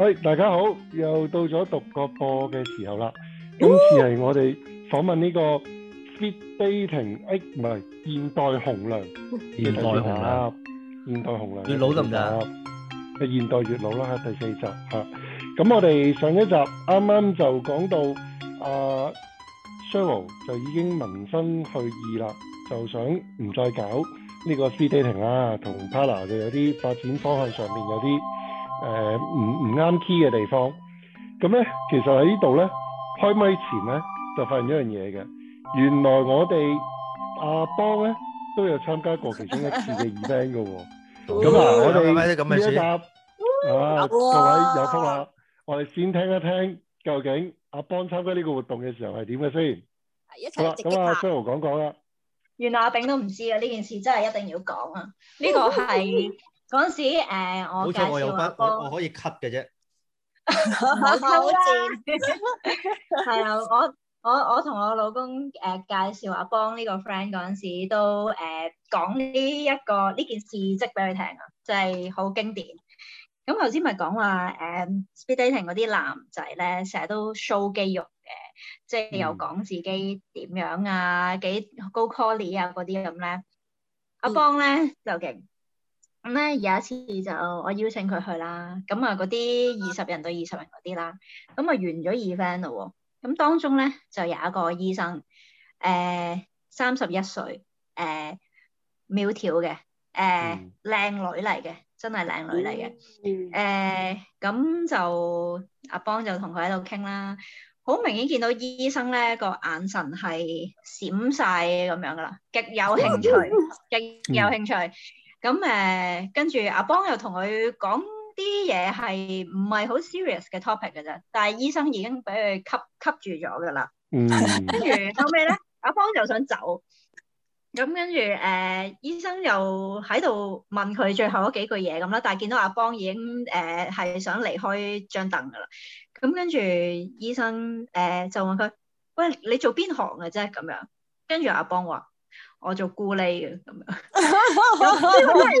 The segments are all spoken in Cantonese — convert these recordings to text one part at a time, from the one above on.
喂，大家好，又到咗獨角播嘅時候啦。今次係我哋訪問呢個 Speed Dating，唔係現代紅娘，現代紅啦，現代紅娘。月老得唔得啊？係現代月老啦，係第四集吓。咁我哋上一集啱啱就講到阿 Cheryl 就已經萌生去意啦，就想唔再搞呢個 Speed Dating 啦，同 partner 就有啲發展方向上面有啲。誒，唔唔啱 key 嘅地方，咁咧，其實喺呢度咧，開麥前咧就發現一樣嘢嘅，原來我哋阿邦咧都有參加過其中一次嘅 event 嘅，咁啊，我哋先答啊各位有福啊，我哋先聽一聽究竟阿邦參加呢個活動嘅時候係點嘅先。好啦，咁啊，Cheryl 講講啦，原來阿炳都唔知啊，呢件事真係一定要講啊，呢個係。嗰陣時，呃、錯我介我有我可以 cut 嘅啫。冇錯，係啊，我我我同我，我老公誒介紹阿邦呢個 friend 嗰陣時都，都誒講呢一個呢件事蹟俾佢聽啊，就係、是、好經典。咁頭先咪講話誒 speed dating 嗰啲男仔咧，成日都 show 肌肉嘅，即係又講自己點樣啊，幾、嗯、高 quality 啊嗰啲咁咧。阿邦咧就勁。咁咧、嗯，有一次就我邀請佢去啦，咁啊嗰啲二十人對二十人嗰啲啦，咁啊完咗二 event 咯、哦，咁當中咧就有一個醫生，誒三十一歲，誒苗條嘅，誒、呃、靚、呃嗯、女嚟嘅，真係靚女嚟嘅，誒咁、嗯呃、就阿邦就同佢喺度傾啦，好明顯見到醫生咧個眼神係閃晒咁樣噶啦，極有興趣，極有興趣。嗯咁誒，嗯、 跟住阿邦又同佢講啲嘢係唔係好 serious 嘅 topic 嘅啫，但係醫生已經俾佢吸吸住咗噶啦。 跟住後屘咧，阿邦就想走，咁跟住誒、呃、醫生又喺度問佢最後嗰幾句嘢咁啦，但係見到阿邦已經誒係、呃、想離開張凳噶啦，咁跟住醫生誒、呃、就問佢：喂，你做邊行嘅、啊、啫？咁樣，跟住阿邦話。我做咕喱嘅咁樣， 完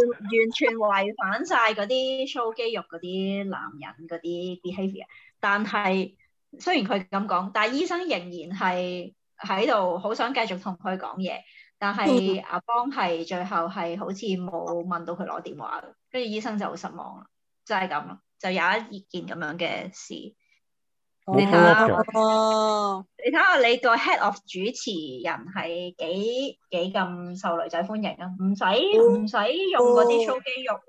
全違反晒嗰啲 show 肌肉嗰啲男人嗰啲 behavior。但係雖然佢咁講，但係醫生仍然係喺度好想繼續同佢講嘢。但係阿邦係最後係好似冇問到佢攞電話，跟住醫生就好失望啦，就係咁咯，就有一件咁樣嘅事。你睇哦，你睇下你個 head of 主持人係幾幾咁受女仔歡迎啊？唔使，唔使用嗰啲 show 肌肉，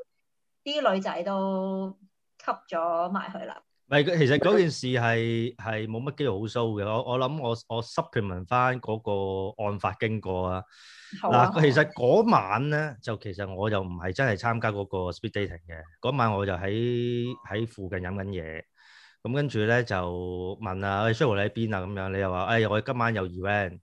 啲女仔都吸咗埋佢啦。唔係，其實嗰件事係係冇乜肌肉好 show 嘅。我我諗我我 supplement 翻嗰個案發經過啊。嗱，其實嗰晚咧就其實我又唔係真係參加嗰個 speed dating 嘅。嗰晚我就喺喺附近飲緊嘢。咁跟住咧就問啊，阿 Cheryl 你喺邊啊？咁樣你又話，哎呀，我今晚有 event，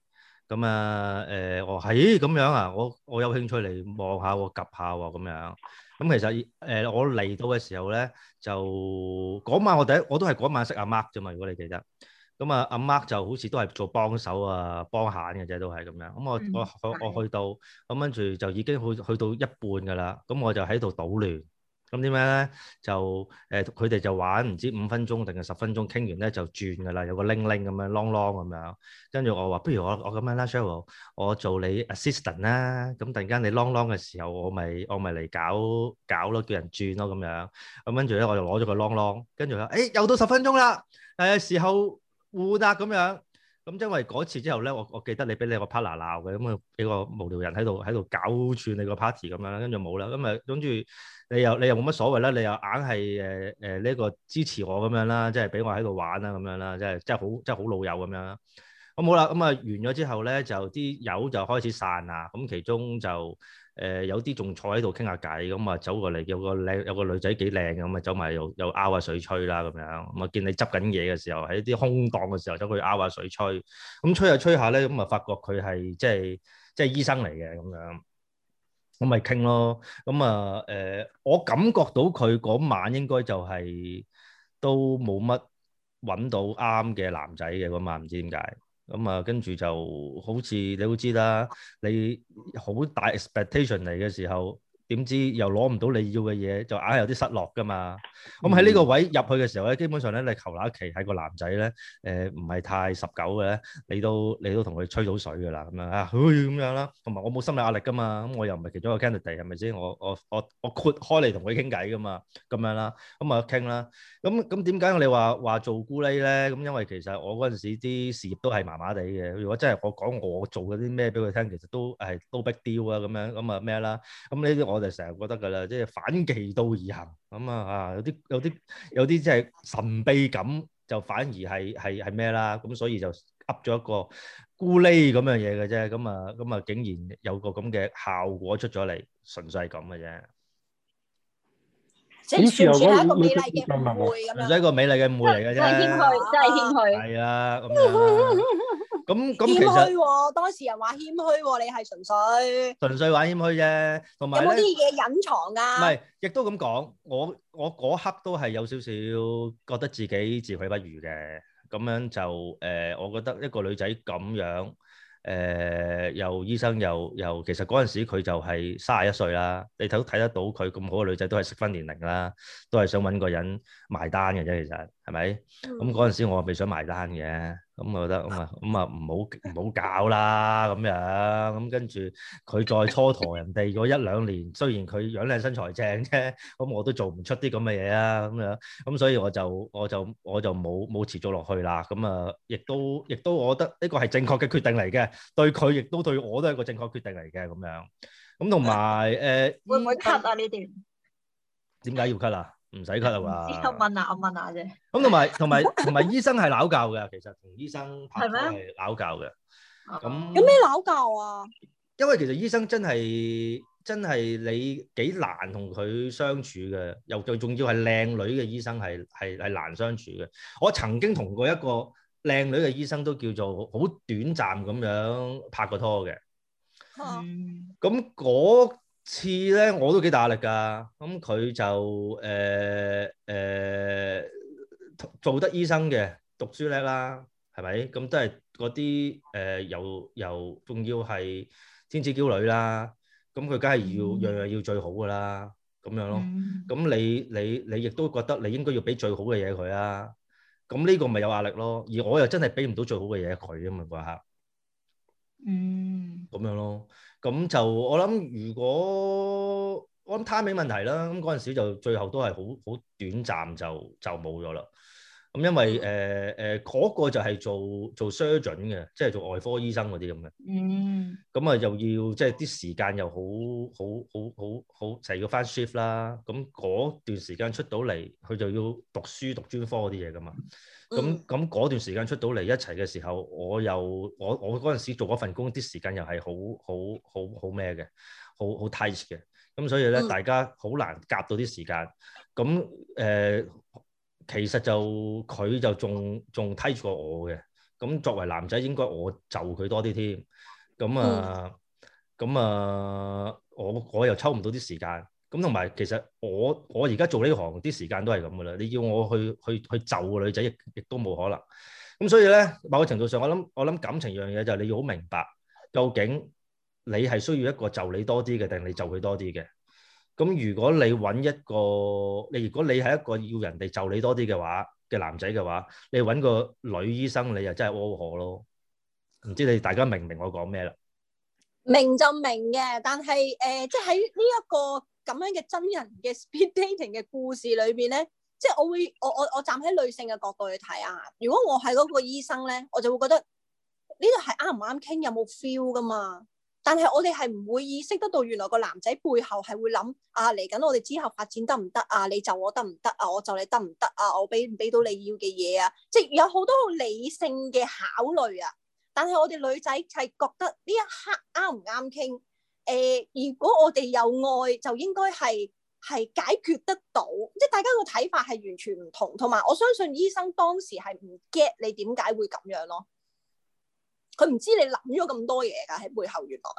咁啊誒我係咁樣啊，我我有興趣嚟望下喎，及下喎咁樣。咁其實誒我嚟到嘅時候咧，就嗰晚我第一我都係嗰晚識阿 Mark 啫嘛，如果你記得。咁啊阿 Mark 就好似都係做幫手啊，幫閒嘅啫都係咁樣。咁我我我我去到，咁跟住就已經去去到一半㗎啦。咁我就喺度搗亂。咁點樣咧？就誒，佢、呃、哋就玩唔知五分鐘定係十分鐘，傾完咧就轉噶啦，有個鈴鈴咁樣，啷啷咁樣。跟住我話，不如我我咁樣啦，Cheryl，我做你 assistant 啦、啊。咁突然間你啷啷嘅時候，我咪我咪嚟搞搞咯，叫人轉咯咁樣。咁跟住咧，我就攞咗個啷啷。跟住咧，誒、欸、又到十分鐘啦，係時候互達咁樣。咁因為嗰次之後咧，我我記得你俾你個 partner 鬧嘅，咁啊俾個無聊人喺度喺度搞串你個 party 咁樣啦，跟住冇啦，咁啊跟住你又你又冇乜所謂啦，你又硬係誒誒呢個支持我咁樣啦，即係俾我喺度玩啦咁樣啦，即係即係好即係好老友咁樣。咁、嗯、好啦，咁、嗯、啊完咗之後咧，就啲友就開始散啦。咁、嗯、其中就誒、呃、有啲仲坐喺度傾下偈，咁、嗯、啊走過嚟有個靚有個女仔幾靚咁，啊走埋又又拗下水吹啦咁樣。咁啊見你執緊嘢嘅時候，喺啲空檔嘅時候走去拗下水吹。咁、嗯、吹，一吹一下吹下咧，咁、嗯、啊發覺佢係即係即係醫生嚟嘅咁樣。咁咪傾咯。咁啊誒，我感覺到佢嗰晚應該就係、是、都冇乜揾到啱嘅男仔嘅嗰晚，唔知點解。咁啊、嗯，跟住就好似你會知道啦，你好大 expectation 嚟嘅時候。點知又攞唔到你要嘅嘢，就硬係有啲失落㗎嘛。咁喺呢個位入去嘅時候咧，基本上咧你求求其係個男仔咧，誒唔係太十九嘅咧，你都你都同佢吹到水㗎啦，咁樣啊，咁樣啦。同埋我冇心理壓力㗎嘛，咁我又唔係其中一個 candidate 係咪先？我我我我豁開嚟同佢傾偈㗎嘛，咁樣啦，咁啊傾啦。咁咁點解我哋話話做咕喱咧？咁因為其實我嗰陣時啲事業都係麻麻地嘅。如果真係我講我做嗰啲咩俾佢聽，其實都係都逼屌啊咁樣咁啊咩啦。咁呢啲我。我哋成日覺得噶啦，即係反其道而行咁啊！啊，有啲有啲有啲即係神秘感，就反而係係係咩啦？咁所以就噏咗一個咕喱咁樣嘢嘅啫。咁啊咁啊，竟然有個咁嘅效果出咗嚟，純粹係咁嘅啫。只純粹係一個美麗嘅誤會，純粹係一個美麗嘅誤會嚟嘅啫。真係謙虛，真係謙虛。係啊。咁，其實謙虛喎，當事人話謙虛喎，你係純粹純粹玩謙虛啫，同埋有冇啲嘢隱藏啊？唔係，亦都咁講，我我嗰刻都係有少少覺得自己自愧不如嘅，咁樣就誒，我覺得一個女仔咁樣誒，又醫生又又，其實嗰陣時佢就係三十一歲啦，你睇都睇得到佢咁好嘅女仔都係適婚年齡啦，都係想揾個人埋單嘅啫，其實係咪？咁嗰陣時我未想埋單嘅。咁我覺得咁啊，咁啊唔好唔好搞啦咁樣，咁跟住佢再蹉跎人哋嗰一兩年，雖然佢樣靚身材正啫，咁我都做唔出啲咁嘅嘢啊咁樣，咁所以我就我就我就冇冇持續落去啦，咁啊亦都亦都，我覺得呢個係正確嘅決定嚟嘅，對佢亦都對我都係個正確決定嚟嘅咁樣，咁同埋誒會唔會 cut 啊呢段？點解要 cut 啊？唔使咳 u t 啦嘛，我問下，我問下啫。咁同埋，同埋，同埋，醫生係拗教嘅，其實同醫生係拗教嘅。咁咁咩拗教啊？因為其實醫生真係真係你幾難同佢相處嘅，又最重要係靚女嘅醫生係係係難相處嘅。我曾經同過一個靚女嘅醫生都叫做好短暫咁樣拍過拖嘅。咁嗰、啊。嗯那個似咧，我都幾大壓力噶，咁、嗯、佢就誒誒、呃呃、做得醫生嘅，讀書叻啦，係咪？咁都係嗰啲誒又又仲要係天之嬌女啦，咁佢梗係要樣樣、嗯、要，要最好噶啦，咁樣咯。咁、嗯、你你你亦都覺得你應該要俾最好嘅嘢佢啊？咁、嗯、呢、這個咪有壓力咯，而我又真係俾唔到最好嘅嘢佢啊嘛，吓。嗯。咁樣咯。咁就我諗，如果我諗 timing 問題啦，咁嗰陣時就最後都係好好短暫就就冇咗啦。咁因為誒誒嗰個就係做做 surgeon 嘅，即係做外科醫生嗰啲咁嘅。嗯，咁啊又要即係啲時間又好好好好好，就係要翻 shift 啦。咁嗰段時間出到嚟，佢就要讀書讀專科嗰啲嘢噶嘛。咁咁嗰段時間出到嚟一齊嘅時候，我又我我嗰陣時做嗰份工啲時間又係好好好好咩嘅，好好 tight 嘅，咁所以咧，大家好難夾到啲時間。咁誒、呃，其實就佢就仲仲 tight 過我嘅，咁作為男仔應該我就佢多啲添。咁啊，咁、嗯、啊，我我又抽唔到啲時間。咁同埋，其實我我而家做呢行啲時間都係咁㗎啦。你要我去去去就個女仔，亦亦都冇可能。咁所以呢，某個程度上，我諗我諗感情樣嘢就係你要好明白，究竟你係需要一個就你多啲嘅，定你就佢多啲嘅？咁如果你揾一個，你如果你係一個要人哋就你多啲嘅話嘅男仔嘅話，你揾個女醫生，你又真係呵呵呵咯。唔知你大家明唔明我講咩啦？明就明嘅，但係誒，即係喺呢一個。咁樣嘅真人嘅 speed dating 嘅故事裏邊咧，即係我會我我我站喺女性嘅角度去睇啊。如果我係嗰個醫生咧，我就會覺得呢度係啱唔啱傾，有冇 feel 噶嘛？但係我哋係唔會意識得到，原來個男仔背後係會諗啊，嚟緊我哋之後發展得唔得啊？你就我得唔得啊？我就你得唔得啊？我俾唔俾到你要嘅嘢啊？即係有好多理性嘅考慮啊。但係我哋女仔係覺得呢一刻啱唔啱傾？誒，如果我哋有愛，就應該係係解決得到。即係大家個睇法係完全唔同，同埋我相信醫生當時係唔 get 你點解會咁樣咯。佢唔知你諗咗咁多嘢㗎喺背後，原來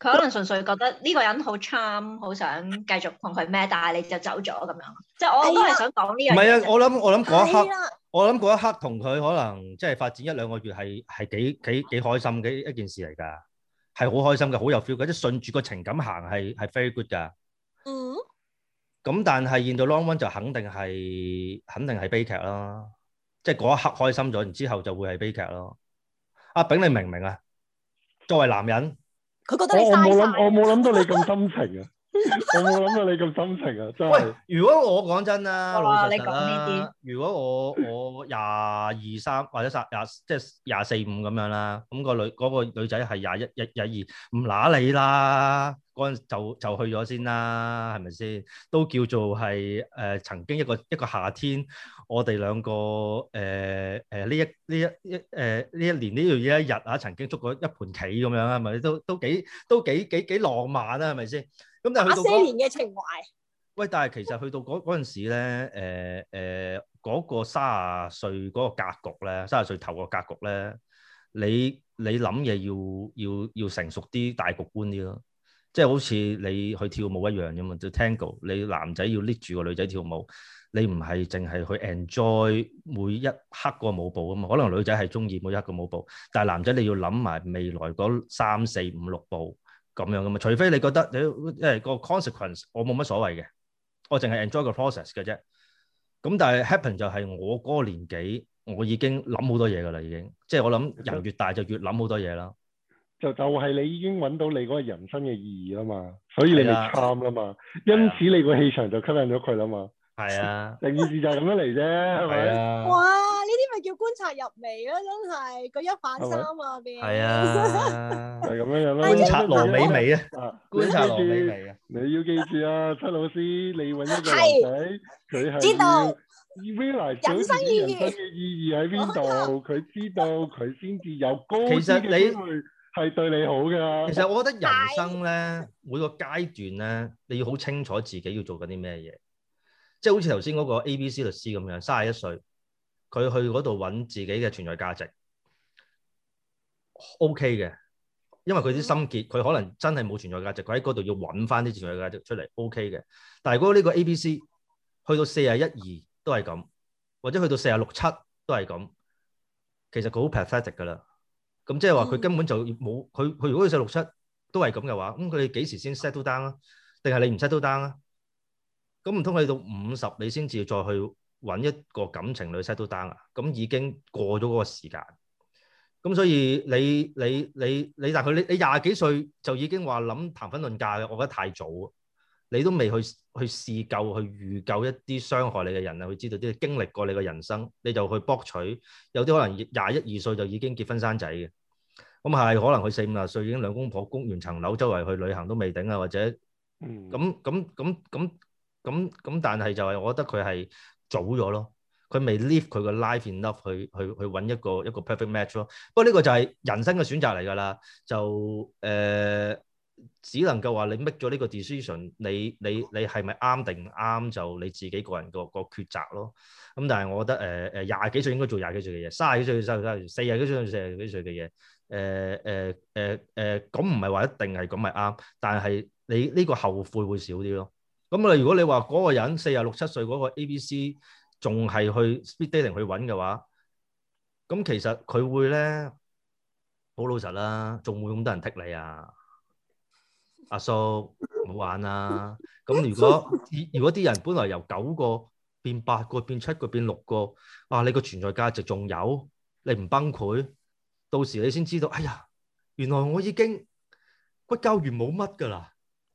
佢可能純粹覺得呢個人好 charm，好想繼續同佢咩，但係你就走咗咁樣。即係我都係想講呢樣。唔係、就係、啊！我諗我諗嗰一刻，啊、我諗嗰一刻同佢可能即係發展一兩個月係係幾幾幾開心嘅一件事嚟㗎。係好開心嘅，好有 feel 嘅，即係順住個情感行，係係 very good 噶。嗯。咁但係見到 long one 就肯定係肯定係悲劇咯，即係嗰一刻開心咗，然之後就會係悲劇咯。阿邦你明唔明啊？作為男人，覺得我冇諗，我冇諗到你咁深情啊！ 我冇諗到你咁心情啊！真係，喂，如果我講真啦，哇老實啦，你如果我我廿二三或者卅廿即係廿四五咁樣啦，咁、嗰個女、嗰個女仔係廿一一廿二，唔乸你啦，嗰陣就就去咗先啦，係咪先？都叫做係誒、呃，曾經一個一個夏天，我哋兩個誒誒呢一呢一一誒呢、呃、一年呢條嘢一日啊，曾經捉過一盤棋咁樣啊，係咪都都幾都幾幾幾浪漫啊，係咪先？咁就去到四年嘅情懷。喂，但係其實去到嗰嗰陣時咧，誒誒嗰個卅歲嗰個格局咧，卅歲頭個格局咧，你你諗嘢要要要成熟啲、大局觀啲咯。即係好似你去跳舞一樣咁啊，就 tango，你男仔要拎住個女仔跳舞，你唔係淨係去 enjoy 每一刻個舞步啊嘛。可能女仔係中意每一個舞步，但係男仔你要諗埋未來嗰三四五六步。咁樣噶嘛？除非你覺得你即係個 consequence，我冇乜所謂嘅，我淨係 enjoy 個 process 嘅啫。咁但係 happen 就係我嗰個年紀，我已經諗好多嘢噶啦，已經即係我諗人越大就越諗好多嘢啦。就就係你已經揾到你嗰人生嘅意義啦嘛，所以你就參啦嘛，因此你個氣場就吸引咗佢啦嘛。係啊，成件事就係咁樣嚟啫，係咪啊？要觀察入微啦，真係佢一反三啊！邊係啊？係咁樣樣咯。觀察羅美美啊！觀察羅美美啊！你要記住啊，七老師，你揾一個男仔，佢係要知道未來人生意義，人生嘅意義喺邊度？佢知道佢先至有高。其實你係對你好㗎。其實我覺得人生咧，每個階段咧，你要好清楚自己要做緊啲咩嘢，即係好似頭先嗰個 A B C 律師咁樣，三十一歲。佢去嗰度揾自己嘅存在價值，OK 嘅，因為佢啲心結，佢可能真係冇存在價值，佢喺嗰度要揾翻啲存在價值出嚟，OK 嘅。但係如果呢個 A、B、C 去到四十一二都係咁，或者去到四十六七都係咁，其實佢好 pathetic 嘅啦。咁即係話佢根本就冇，佢佢如果四十六七都係咁嘅話，咁佢哋幾時先 settle down 啊？定係你唔 settle down 啊？咁唔通去到五十你先至再去？搵一個感情女婿都 down 啦，咁已經過咗嗰個時間，咁所以你你你你但佢你你廿幾歲就已經話諗談婚論嫁嘅，我覺得太早你都未去去試夠，去預夠一啲傷害你嘅人啊，去知道啲經歷過你嘅人生，你就去博取。有啲可能廿一二歲就已經結婚生仔嘅，咁係可能佢四五十歲已經兩公婆供完層樓，周圍去旅行都未頂啊，或者嗯咁咁咁咁咁咁，但係就係我覺得佢係。早咗咯，佢未 live 佢個 life enough 去去去揾一個一個 perfect match 咯。不過呢個就係人生嘅選擇嚟㗎啦。就誒、呃，只能夠話你 make 咗呢個 decision，你你你係咪啱定唔啱就你自己個人個個抉擇咯。咁但係我覺得誒誒廿幾歲應該做廿幾歲嘅嘢，卅幾歲做卅幾歲，四廿幾歲四十幾歲嘅嘢。誒誒誒誒，咁唔係話一定係咁咪啱，但係你呢個後悔會，會少啲咯。咁啊！如果你話嗰個人四十六七歲嗰個 A、B、C，仲係去 speed dating 去揾嘅話，咁其實佢會咧，好老實啦，仲會咁多人踢你啊，阿叔唔好玩啦。咁如果如果啲人本來由九個變八個變七個變六個，哇！你個存在價值仲有，你唔崩潰，到時你先知道，哎呀，原來我已經骨膠原冇乜㗎啦。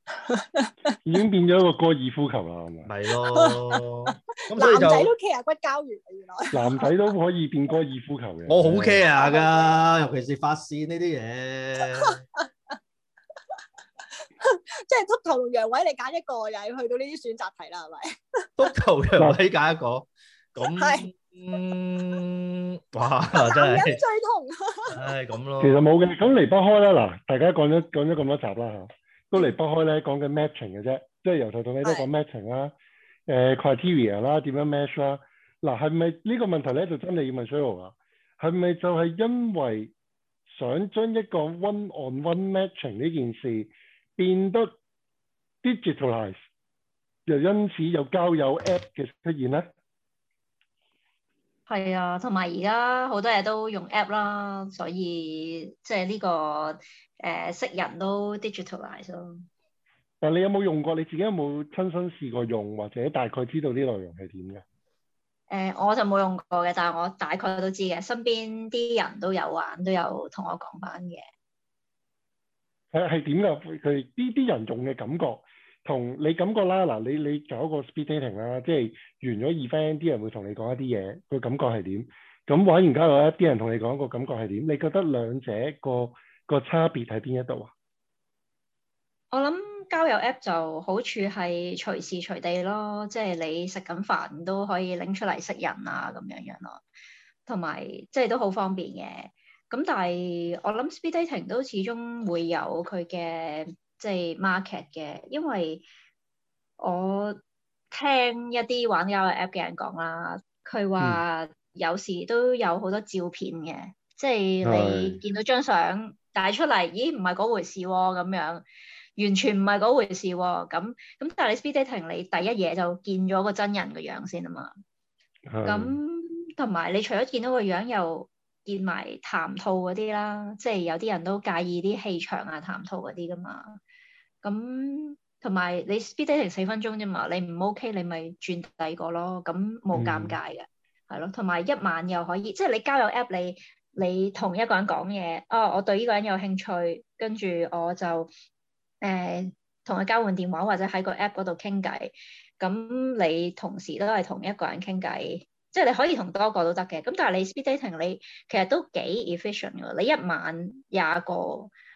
已經變咗一個高爾夫球啦，係咪 係咯， 男仔都 care 骨膠原，原來男仔都可以變高爾夫球嘅。 我好 care 噶，尤其是髮線呢啲嘢。 即係禿頭同陽痿，你揀一個又要去到呢啲選擇題啦，係咪？禿頭、陽痿揀一個，咁係那 、嗯、哇，真係最是。痛！唉，咁咯。其實冇嘅，咁離不開啦。嗱，大家講咗講咗咁多集啦，都離不開咧講緊 matching 嘅啫，即係、就是、由頭到尾都講 matching 啦誒的、呃、criteria 啦點樣 match 啦、啊、嗱係咪呢個問題咧，就真係要問衰豪啦係咪，就係因為想將一個 one-on-one matching 呢件事變得 digitalize，又因此有交友 app 嘅出現咧？係啊，同埋而家好多嘢都用 app 啦，所以即係呢、這個誒、呃、識人都 digitalize 咯。但你有冇用過？你自己有冇親身試過用，或者大概知道啲內容係點嘅？誒、呃，我就冇用過嘅，但係我大概都知嘅。身邊啲人都有玩，都有同我講翻嘅。係係點噶？佢呢啲人用嘅感覺。同你感覺啦，嗱，你你做一個 speed dating 啦，即係完咗 event，啲人會同你講一啲嘢，個感覺係點？咁玩完交友 app，啲人同你講個感覺係點？你覺得兩者個個差別喺邊一度啊？我諗交友 app 就好處係隨時隨地咯，即係你食緊飯都可以拎出嚟識人啊，咁樣樣咯，同埋即係都好方便嘅。咁但係我諗 speed dating 都始終會有佢嘅。即係 market 嘅，因為我聽一啲玩交友 app 嘅人講啦，佢話有時都有好多照片嘅，嗯、即係你見到張相但係出嚟，是咦唔係嗰回事喎、啊、咁樣，完全唔係嗰回事喎咁咁。但係你 speed dating，你第一嘢就見咗個真人嘅樣先啊嘛，咁同埋你除咗見到個樣，又見埋談吐嗰啲啦，即係有啲人都介意啲氣場啊、談吐嗰啲噶嘛。咁同埋你 speed dating 四分鐘啫嘛，你唔 OK 你咪轉第二個咯。咁冇尷尬嘅，係咯、嗯。同埋一晚又可以，即係你交友 app 你你同一個人講嘢，哦，我對呢個人有興趣，跟住我就誒同佢交換電話或者喺個 app 嗰度傾偈。咁你同時都係同一個人傾偈，即係你可以同多個都得嘅。咁但係你 speed dating 你其實都幾 efficient 㗎，你一晚廿個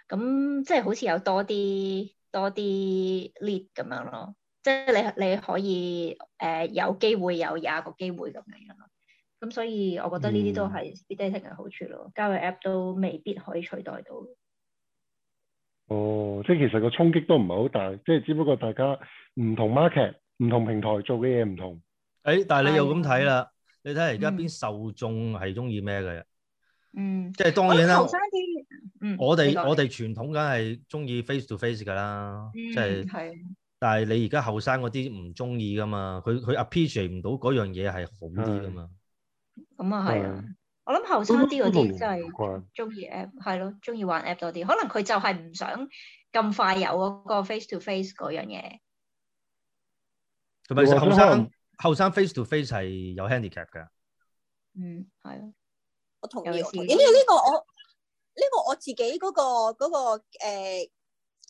咁即係好似有多啲，多啲 lead 咁樣咯，即係你你可以誒有機會有廿個機會咁樣樣咯。咁所以我覺得呢啲都係 speed dating 嘅好處咯，交友 app 都未必可以取代到。哦，即係其實個衝擊都唔係好大，即係只不過大家唔同 market、唔同平台做嘅嘢唔同。誒，但係你又咁睇啦，你睇下而家邊受眾係中意咩嘅？嗯，即係當然啦。我哋我哋傳統梗係中意 face to face 噶啦，即係，但係你而家後生嗰啲唔中意噶嘛？佢佢 appreciate 唔到嗰樣嘢係好啲噶嘛？咁啊係啊，我諗後生啲嗰啲真係中意 app，係咯，中意玩 app 多啲，可能佢就係唔想咁快有嗰個 face to face 嗰樣嘢。同埋先？後生後生 face to face 係有 handicap 噶。嗯，係啊，我同意。呢個我。呢個我自己嗰個嗰個誒、呃，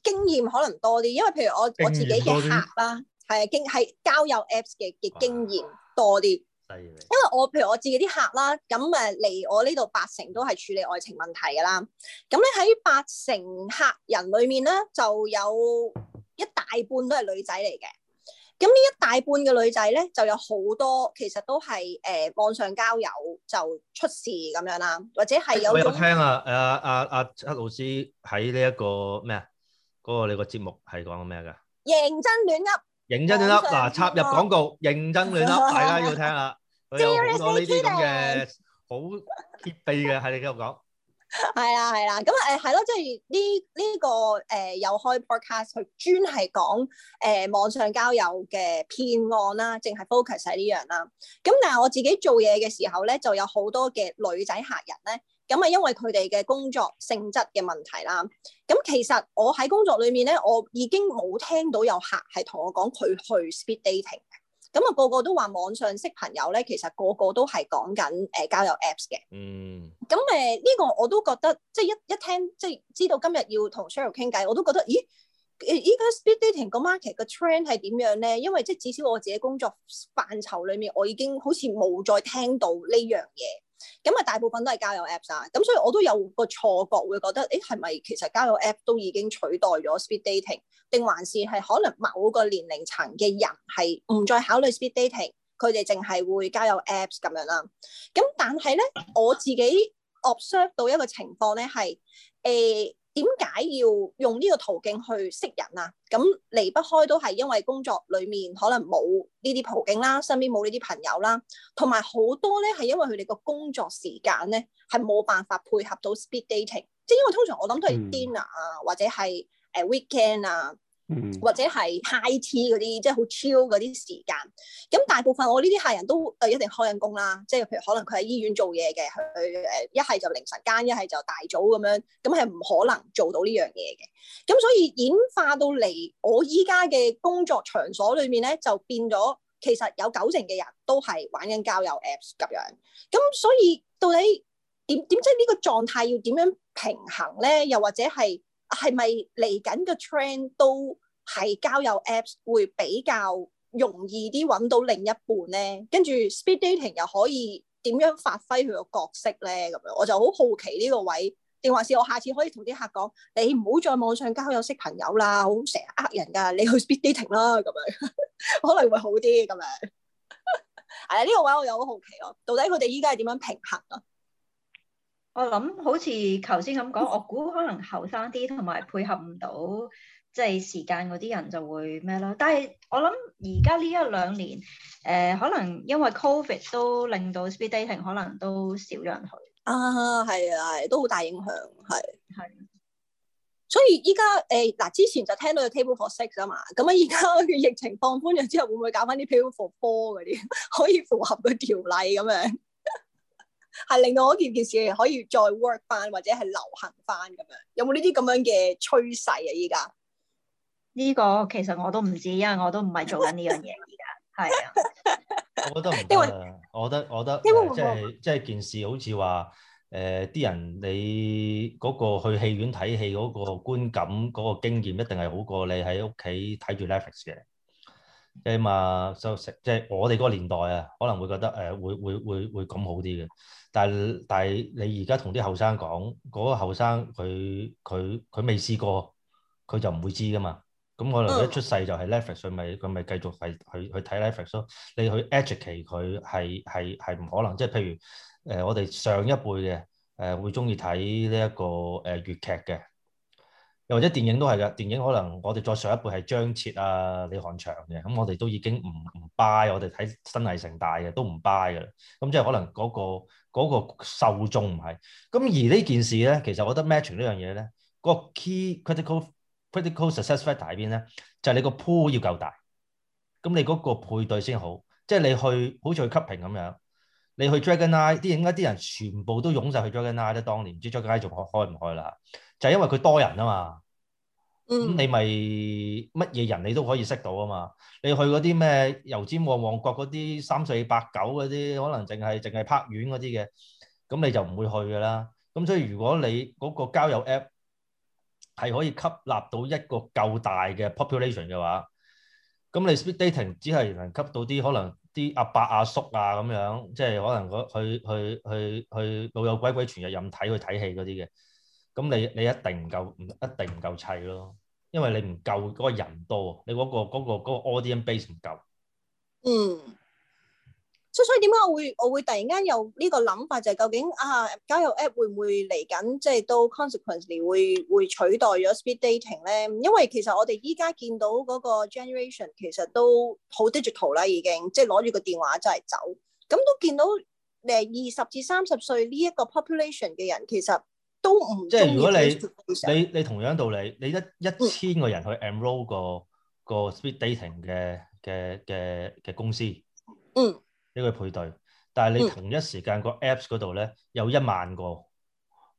經驗可能多啲，因為譬如我我自己嘅客啦，係經係交友 apps 嘅嘅經驗多啲。係，因為我譬如我自己啲客啦，咁誒嚟我呢度八成都係處理愛情問題㗎啦。咁你喺八成客人裏面咧，就有一大半都係女仔嚟嘅。咁呢一大半嘅女仔咧，就有好多其實都係誒、呃、網上交友就出事咁樣啦，或者係有。我哋要聽啊，誒啊啊啊！黑老師喺呢一個咩啊？嗰、這個那個你個節目係講咩噶？認真亂噏，認真亂噏。嗱、啊，插入廣告， 認真亂噏。 大家要聽啦。我呢啲咁嘅好貼地嘅，係 你繼續講。係啦，係啦，咁誒係咯，即係呢呢個誒有、呃、開 podcast 去專係講誒、呃、網上交友嘅騙案啦，淨係 focus 喺呢、這、樣、個、啦。咁但係我自己做嘢嘅時候咧，就有好多嘅女仔客人咧，咁啊因為佢哋嘅工作性質嘅問題啦，咁其實我喺工作裏面咧，我已經冇聽到有客係同我講佢去 speed dating。咁啊，個個都話網上識朋友咧，其實個個都係講緊誒交友 Apps 嘅。嗯。咁誒呢個我都覺得，即係一一聽即係知道今日要同 Cheryl 傾偈，我都覺得，咦？誒依家 speed dating 個 market 個 trend 係點樣咧？因為即係至少我自己工作範疇裏面，我已經好似冇再聽到呢樣嘢。咁啊，大部分都係交友 Apps 啊，咁所以我都有個錯覺會覺得，誒係咪其實交友 App 都已經取代咗 Speed Dating，定還是係可能某個年齡層嘅人係唔再考慮 Speed Dating，佢哋淨係會交友 Apps 咁樣啦。咁但係咧，我自己 observe 到一個情況咧係，誒。點解要用呢個途徑去識人啊？咁離不開都係因為工作裡面可能冇呢啲途徑啦，身邊冇呢啲朋友啦，同埋好多咧係因為佢哋個工作時間咧係冇辦法配合到 speed dating，即係因為通常我諗都係 dinner 啊，嗯、或者係誒 weekend 啊。嗯、或者係 high tea 嗰啲，即係好超嗰啲時間。咁大部分我呢啲客人都誒、呃、一定開緊工啦，即係譬如可能佢喺醫院做嘢嘅，佢一係就凌晨間，一係就大早咁樣，咁係唔可能做到呢樣嘢嘅。咁所以演化到嚟，我依家嘅工作場所裏面咧，就變咗，其實有九成嘅人都係玩緊交友 apps 咁樣。咁所以到底點點即係呢個狀態要點樣平衡咧？又或者係？係咪嚟緊個 trend 都係交友 apps 會比較容易啲揾到另一半咧？跟住 speed dating 又可以點樣發揮佢個角色咧？咁樣我就好好奇呢個位，定還是我下次可以同啲客講，你唔好再網上交友識朋友啦，好成日呃人㗎，你去 speed dating 啦，咁樣可能會好啲咁樣。係啊，呢個位我又好好奇咯，到底佢哋依家係點樣平衡啊？我諗好似頭先咁講，我估可能後生啲同埋配合唔到，即係時間嗰啲人就會咩咯？但係我諗而家呢一兩年，誒，可能因為 Covid 都令到 Speed Dating 可能都少咗人去啊，係啊，都好大影響，係係。所以依家誒嗱，之前就聽到有 Table for Six 啊嘛，咁啊，而家疫情放寬咗之後，會唔會搞翻啲 Table for Four 嗰啲，可以符合個條例咁樣？係另外嗰件件事可以再 work 翻，或者係流行翻咁樣，有冇呢啲咁樣嘅趨勢啊？依家呢個其實我都唔知，因為我都唔係做緊呢樣嘢。而家係啊，我覺得唔得，因為話我覺得，我覺得即係即係件事好，好似話誒，啲人你嗰個去戲院睇戲嗰個觀感嗰、嗰個經驗，一定係好過你喺屋企睇住 Netflix 嘅。即係嘛，所以即係我哋嗰個年代啊，可能會覺得誒、呃，會會會會咁好啲嘅。但係但係你而家同啲後生講，嗰、那個後生佢佢佢未試過，佢就唔會知㗎嘛。咁可能一出世就係 Netflix，佢咪佢咪繼續係去去睇 Netflix 咯。你去 educate 佢係係係唔可能。即係譬如誒、呃，我哋上一輩嘅誒會中意睇呢一個誒粵劇嘅。呃又或者電影都係㗎，電影可能我哋再上一輩係張徹啊、李漢祥嘅，咁、嗯、我哋都已經唔唔 buy，我哋睇新藝城大嘅都唔 buy 嘅啦。咁、嗯、即係可能嗰、嗰個嗰個受眾唔係。咁、嗯、而呢件事咧，其實我覺得 match 呢樣嘢咧，嗰個 key critical critical success factor 喺邊咧？就係、是、你個 pool 要夠大，咁、嗯、你嗰個配對先好。即係你去，好似去吸瓶咁樣。你去 Dragon Eye 啲，點解啲人全部都湧晒去 Dragon Eye 咧？當年唔知 Dragon Eye 仲開開唔開啦，就係、是、因為佢多人啊嘛。咁、嗯、你咪乜嘢人你都可以識到啊嘛。你去嗰啲咩油尖旺旺角嗰啲三四八九嗰啲，可能淨係淨係拍院嗰啲嘅，咁你就唔會去噶啦。咁所以如果你嗰個交友 app 係可以吸納到一個夠大嘅 population 嘅話，咁你 Speed Dating 只係能吸到啲可能。啲阿伯阿叔啊，咁樣，即係可能佢去去去去去老友鬼鬼全日任睇去睇戲嗰啲嘅，咁你你一定唔夠，唔一定唔夠砌咯，因為你唔夠嗰個人多，你嗰個嗰個嗰個 audience base 唔夠。嗯。所以所以點解我會我會突然間有呢個諗法，就係究竟啊交友 App 會唔會嚟緊，即係都 consequently 會會取代咗 speed dating 咧？因為其實我哋依家見到嗰個 generation 其實都好 digital 啦，已經即係攞住個電話就係走。咁都見到誒二十至三十歲呢一個 population 嘅人，其實都唔即係如果你你你同樣道理，你一一千個人去 enroll、嗰個、嗯、個 speed dating 嘅嘅嘅嘅公司，嗯。呢個配對，但係你同一時間個 apps 嗰度咧，有一萬個誒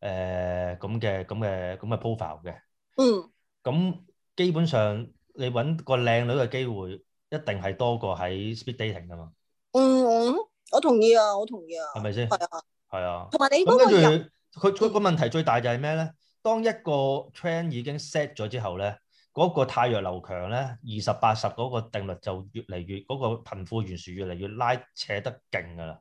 咁嘅咁嘅咁嘅 profile 嘅。呃、嗯，咁基本上你搵個靚女嘅機會一定係多過喺 speed dating 㗎嘛。嗯，我同意啊，我同意啊，係咪先？係啊，係吧啊，同埋、啊、你跟住佢佢個、嗯、問題最大就係咩咧？當一個 trend 已經 set 咗之後咧？嗰個太弱流強咧，二十八十嗰個定律就越嚟越嗰、嗰個貧富懸殊越嚟越拉扯得勁㗎啦。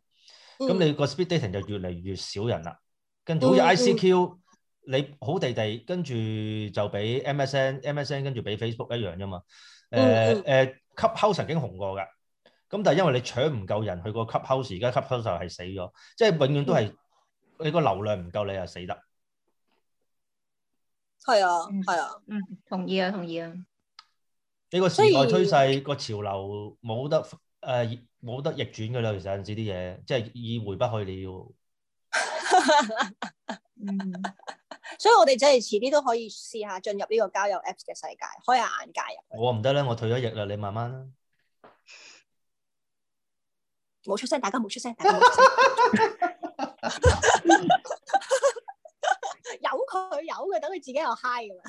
咁你個 speed dating 就越嚟越少人啦。跟住好似 I C Q 你好地地，跟住就俾 M S N M S N，跟住俾 Facebook 一樣啫嘛。誒誒吸 house 曾經紅過㗎。咁但係因為你搶唔夠人，去個吸 house 而家吸 house 就係死咗。即係永遠都係你個流量唔夠你就，你又死得。係啊，係啊，嗯，同意啊，同意啊。呢個時代，趨勢以個潮流冇得誒，冇、呃、得逆轉噶啦，其實有陣時啲嘢，即係已回不去了。 嗯，所以我哋真係遲啲都可以試下進入呢個交友 Apps 嘅世界，開下眼界。我唔得咧，我退咗役啦，你慢慢啦。冇出聲，大家冇出聲。佢有嘅，等佢自己又 high 噶啦。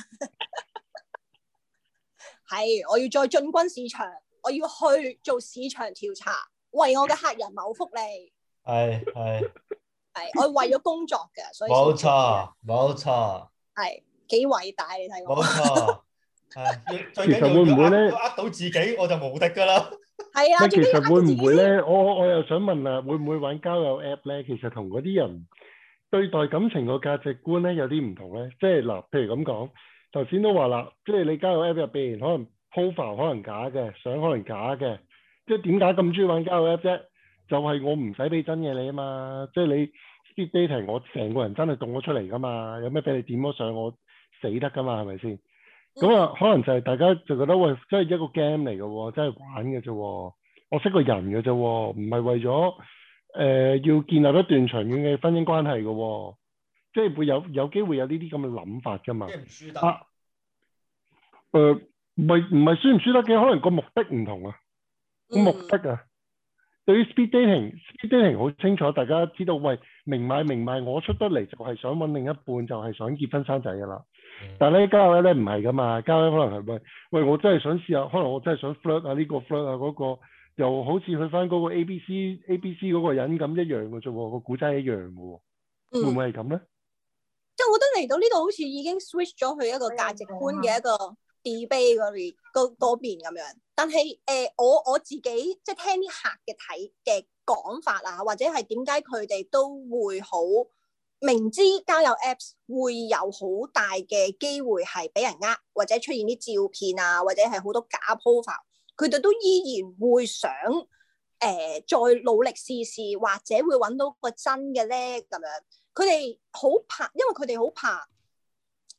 係， 我要再進軍市場，我要去做市場調查，為我嘅客人謀福利。係係係，我為咗工作嘅，所以冇錯冇錯，係幾偉大，你睇。我冇錯，其實會唔會呢？呃 到自己我就無敵噶啦。係 啊，其實會唔會呢？我我又想問啊，會唔會玩交友 app 咧？其實同嗰啲人，對待感情個價值觀咧有啲唔同咧，即係嗱，譬如咁講，頭先都話啦，即係你交友 App 入邊，可能 profile 可能假嘅，相可能假嘅，即係點解咁中意玩交友 App 啫？就係我唔使俾真嘢你啊嘛，即係你 Speed Dating 我成個人真係動咗出嚟噶嘛，有咩俾你點咗相我死得噶嘛，係咪先？咁啊，可能就係、是、大家就覺得喂，真係一個 game 嚟嘅喎，真係玩嘅啫喎，我識個人嘅啫喎，唔係為咗。誒、呃、要建立一段長遠嘅婚姻關係嘅喎、哦，即係會有有機會有呢啲咁嘅諗法噶嘛？即係唔輸得唔係輸唔輸得嘅、啊呃，可能個目的唔同啊。嗯、目的啊，對於 speed dating，speed dating 好 dating 清楚、啊，大家知道，喂，明買明賣，我出得嚟就係想揾另一半，就係想結婚生仔嘅啦。嗯、但係咧，交友咧唔係噶嘛，交友可能係喂喂，我真係想試下，可能我真係想 flirt 下呢個 flirt 啊嗰、這個。又好似去翻嗰個 A B C A B C 嗰個人咁一樣嘅啫，個古仔一樣嘅，樣嗯、會唔會係咁咧？即係我覺得嚟到呢度好似已經 switch 咗去一個價值觀嘅一個 debate 嗰邊嗰嗰邊咁樣但。但係誒，我我自己即係、就是、聽啲客嘅睇嘅講法啊，或者係點解佢哋都會好明知交友 Apps 會有好大嘅機會係俾人呃，或者出現啲照片啊，或者係好多假 profile 佢哋都依然會想誒、呃、再努力試試，或者會揾到個真嘅咧咁樣。佢哋好怕，因為佢哋好怕誒、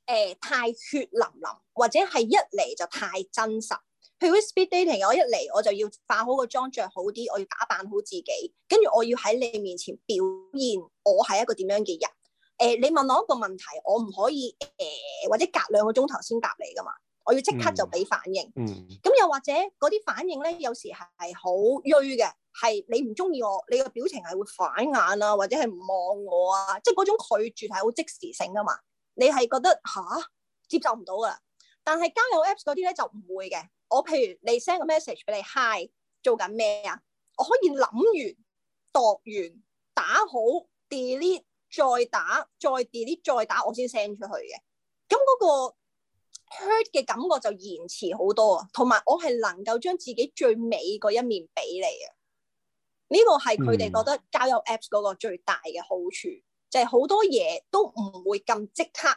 呃、太血淋淋，或者係一嚟就太真實。譬如 speed dating，我一嚟我就要化好個妝，着好啲，我要打扮好自己，跟住我要喺你面前表現我係一個點樣嘅人。誒、呃，你問我一個問題，我唔可以誒、呃，或者隔兩個鐘頭先答你㗎嘛？我要即刻就俾反應，咁、嗯嗯、又或者嗰啲反應咧，有時係好鋭嘅，係你唔中意我，你個表情係會反眼啊，或者係唔望我啊，即係嗰種拒絕係好即時性噶嘛。你係覺得吓，接受唔到噶，但係交友 Apps 嗰啲咧就唔會嘅。我譬如你 send 個 message 俾你 hi，做緊咩啊？我可以諗完，度完，打好 delete，再打，再 delete，再，再，再打，我先 send 出去嘅。咁嗰、嗰個。hurt 嘅感覺就延遲好多啊，同埋我係能夠將自己最美嗰一面俾你啊，呢個係佢哋覺得交友 apps 嗰個最大嘅好處，嗯、就係好多嘢都唔會咁即刻，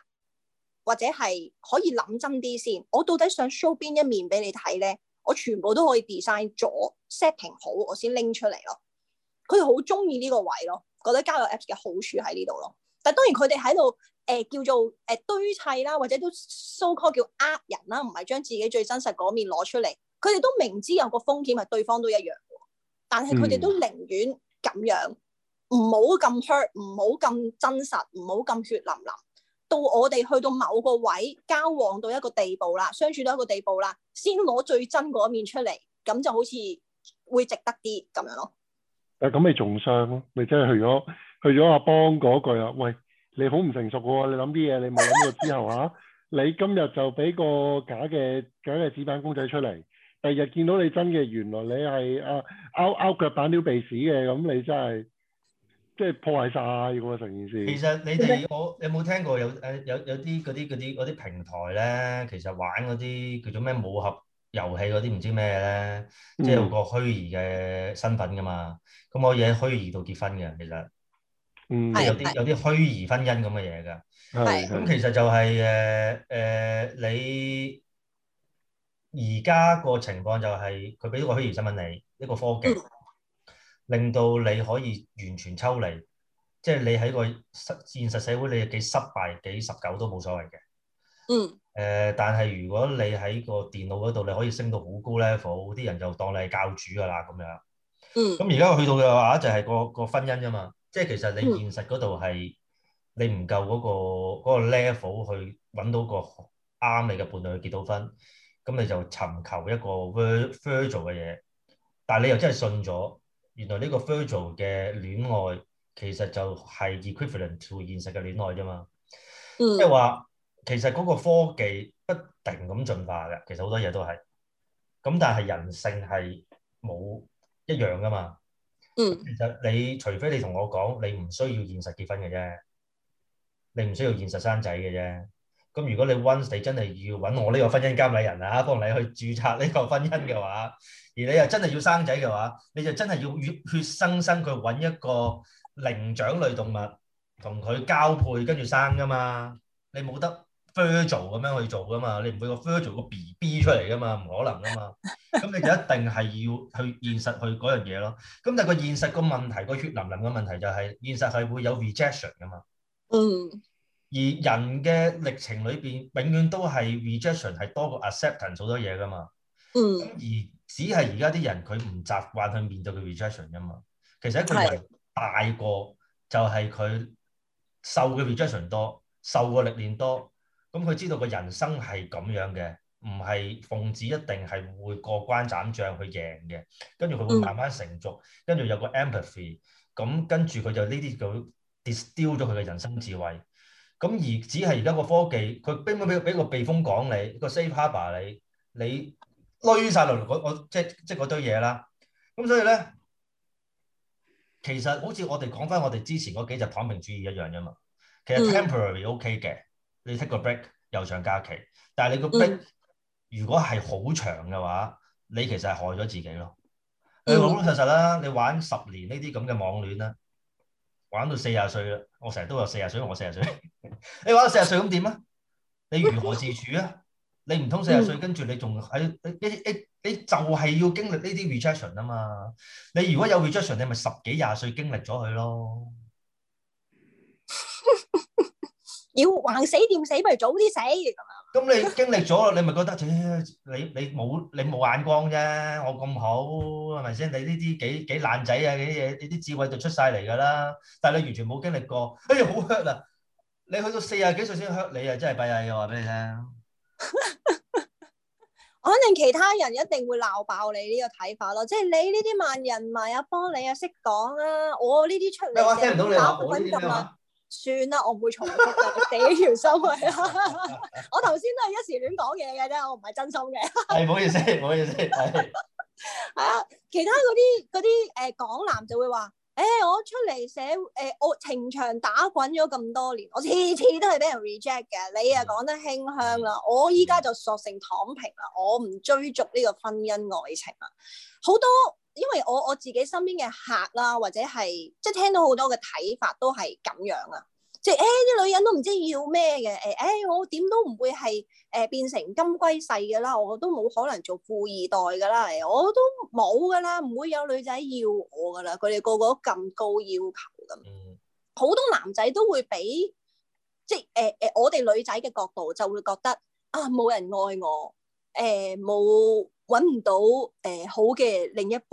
或者係可以諗真啲先，我到底想 show 邊一面俾你睇咧，我全部都可以 design 咗 setting 好，我先拎出嚟咯。佢哋好中意呢個位咯，覺得交友 apps 嘅好處喺呢度咯，但係當然佢哋喺度。誒、呃、叫做誒、呃、堆砌啦，或者都 so called 叫呃人啦，唔係將自己最真實嗰面攞出嚟。佢哋都明知有個風險，係對方都一樣，但係佢哋都寧願咁樣，唔好咁 hurt，唔好咁真實，唔好咁血淋淋。到我哋去到某個位交往到一個地步啦，相處到一個地步啦，先攞最真嗰面出嚟，咁就好似會值得啲咁樣咯。誒、啊，咁你仲傷咯？你真係去咗去咗阿邦嗰句啊？喂！你好唔成熟喎！你諗啲嘢，你冇諗過之後嚇、啊，你今日就俾個假嘅假嘅紙板公仔出嚟，第二日見到你真嘅，原來你係啊拗拗腳板撩鼻屎嘅，咁你真係即係破壞曬喎成件事。其實你哋我你有冇聽過有誒有有啲嗰啲啲啲平台咧，其實玩嗰啲叫做咩武俠遊戲嗰啲唔知咩咧，即係、嗯、個虛擬嘅身份噶嘛，咁可以喺虛擬度結婚嘅其實。嗯，係有啲有啲虛擬婚姻咁嘅嘢噶，係咁其實就係誒誒，你而家個情況就係佢俾一個虛擬身份你，一個科技，嗯、令到你可以完全抽離，即係你喺個實現實社會你幾失敗幾十九都冇所謂嘅，嗯，誒、呃，但係如果你喺個電腦嗰度你可以升到好高 level，啲人就當你係教主噶啦咁樣，嗯，咁而家去到嘅話就係個個婚姻啫嘛。嗯即係其實你現實嗰度係你唔夠嗰、嗰個嗯、個 level 去揾到個啱你嘅伴侶去結到婚，咁你就尋求一個 virtual 嘅嘢。但係你又真係信咗，原來呢個 virtual 嘅戀愛其實就係 equivalent to 現實嘅戀愛啫嘛。即係話其實嗰個科技不停咁進化嘅，其實好多嘢都係。咁但係人性係冇一樣噶嘛。嗯，其實你除非你同我講，你唔需要現實結婚嘅啫，你唔需要現實生仔嘅啫。咁如果你 once 你真係要揾我呢個婚姻監禮人啊，幫你去註冊呢個婚姻嘅話，而你又真係要生仔嘅話，你就真係要血血生生去揾一個靈長類動物同佢交配，跟住生噶嘛，你冇得 virtual 咁樣去做噶嘛？你唔會個 virtual 個 BB 出嚟噶嘛？唔可能噶嘛！咁你就一定係要去現實去嗰樣嘢咯。咁但係個現實個問題，那個血淋淋嘅問題就係現實係會有 rejection 噶嘛。嗯。而人嘅歷程裏邊，永遠都係 rejection 係多過 acceptance 好多嘢噶嘛。嗯。而只係而家啲人佢唔習慣去面對佢 rejection 噶嘛。其實佢大個就係佢受嘅 rejection 多，受過歷練多。咁佢知道個人生係咁樣嘅，唔係奉旨一定係會過關斬將去贏嘅，跟住佢會慢慢成熟，跟住有個 empathy，咁跟住佢就呢啲叫 distill 咗佢嘅人生智慧。咁而只係而家個科技，佢俾唔俾俾個避風港你，個 safe harbor 你，你、就是、堆曬落嗰個即係即係嗰堆嘢啦。咁所以咧，其實好似我哋講翻我哋之前嗰幾集躺平主義一樣啫嘛。其實 temporary OK 嘅。你 take 個 break 又長假期，但係你個 break 如果係好長嘅話，你其實係害咗自己咯。你老、mm hmm。實實啦，你玩十年呢啲咁嘅網戀啦，玩到四廿歲啦，我成日都有四十歲，我四十歲， 你玩到四十歲咁點啊？你如何自處啊？ 你唔通四十歲跟住你仲喺你你你就係要經歷呢啲 rejection 啊嘛？你如果有 rejection，你咪十幾廿歲經歷咗佢咯。要橫死掂死，不如早啲死咁樣。咁你經歷咗，你咪覺得，誒，你你冇你冇眼光啫。我咁好係咪先？你呢啲幾幾爛仔啊？啲嘢啲智慧就出曬嚟㗎啦。但係你完全冇經歷過，哎呀好 hurt 啊！你去到四啊幾歲先 hurt 你啊？真係弊啊！我話俾你聽，可能其他人一定會鬧爆你呢個睇法咯。即係你呢啲萬人迷啊，幫你啊，識講啊，我呢啲出嚟啊，打滾入。算啦，我唔會從，俾條 心位 我頭先都係一時亂講嘢嘅啫，我唔係真心嘅。係，唔好意思，唔好意思，係。係啊，其他嗰啲啲誒港男就會話，誒、欸、我出嚟社誒我情場打滾咗咁多年，我次次都係俾人 reject 嘅。你啊講得輕香啦，我依家就索性躺平啦，我唔追逐呢個婚姻愛情啦，好多。因為我我自己身邊嘅客啦，或者係即係聽到好多嘅睇法都係咁樣啊，即係誒啲女人都唔知要咩嘅，誒、哎、誒我點都唔會係誒、呃、變成金龜婿嘅啦，我都冇可能做富二代嘅啦，我都冇嘅啦，唔會有女仔要我噶啦，佢哋個個都咁高要求咁，好多男仔都會俾即係誒誒我哋女仔嘅角度就會覺得啊冇人愛我，誒、呃、冇。揾唔到誒、呃、好嘅另一半，